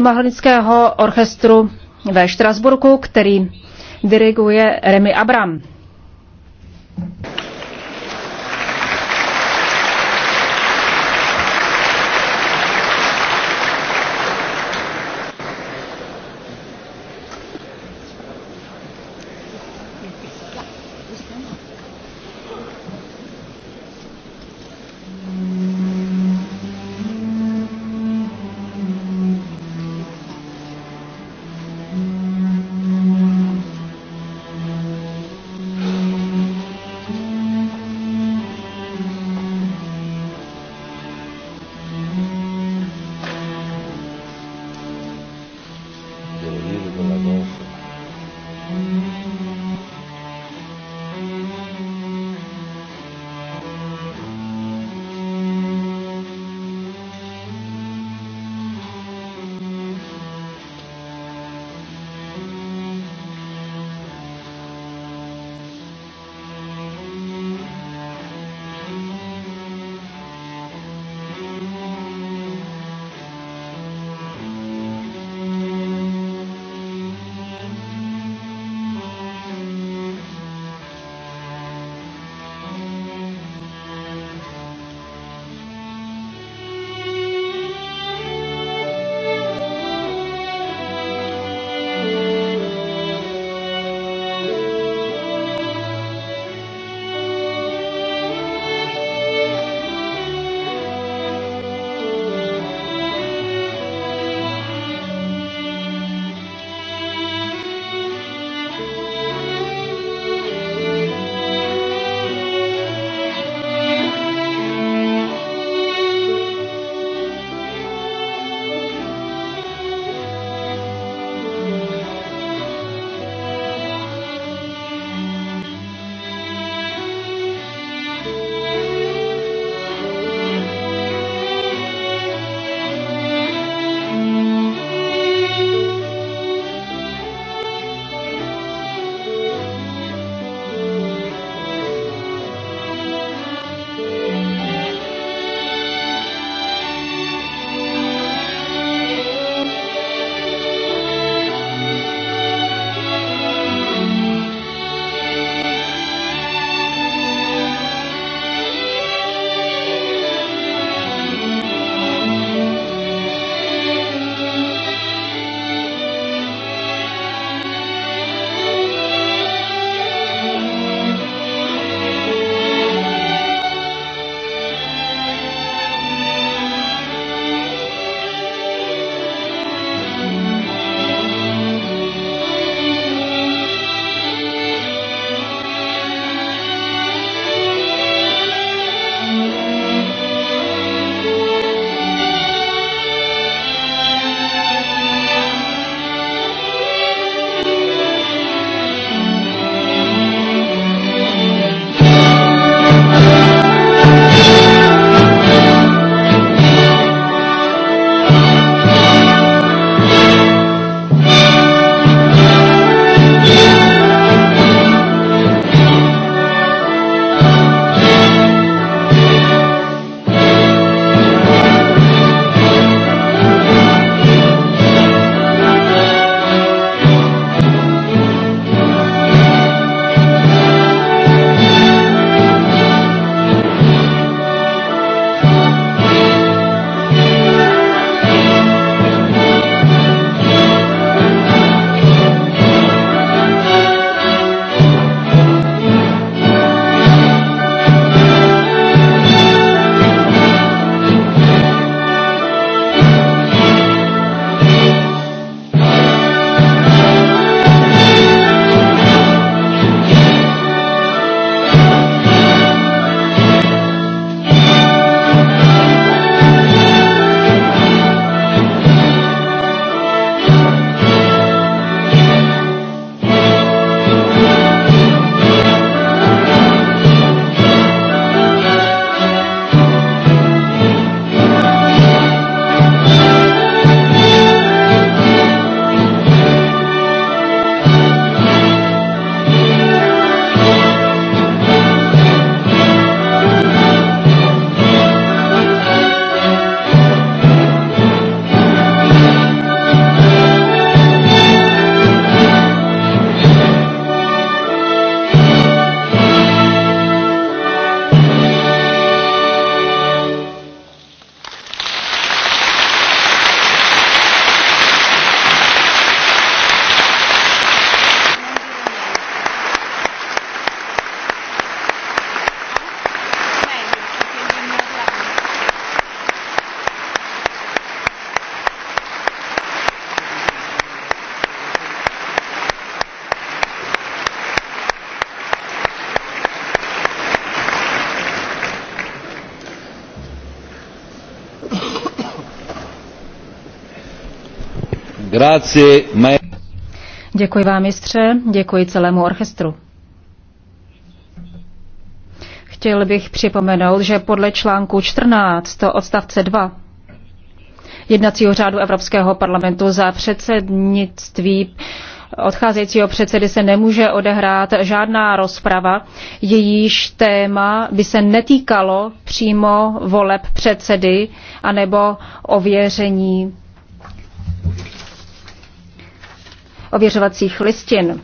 Filharmonického orchestru ve Štrasburku, který diriguje Remy Abram. Grazie, ma... Děkuji vám, mistře, děkuji celému orchestru. Chtěl bych připomenout, že podle článku 14 odstavce 2 jednacího řádu Evropského parlamentu za předsednictví odcházejícího předsedy se nemůže odehrát žádná rozprava, jejíž téma by se netýkalo přímo voleb předsedy anebo ověření ověřovacích listin.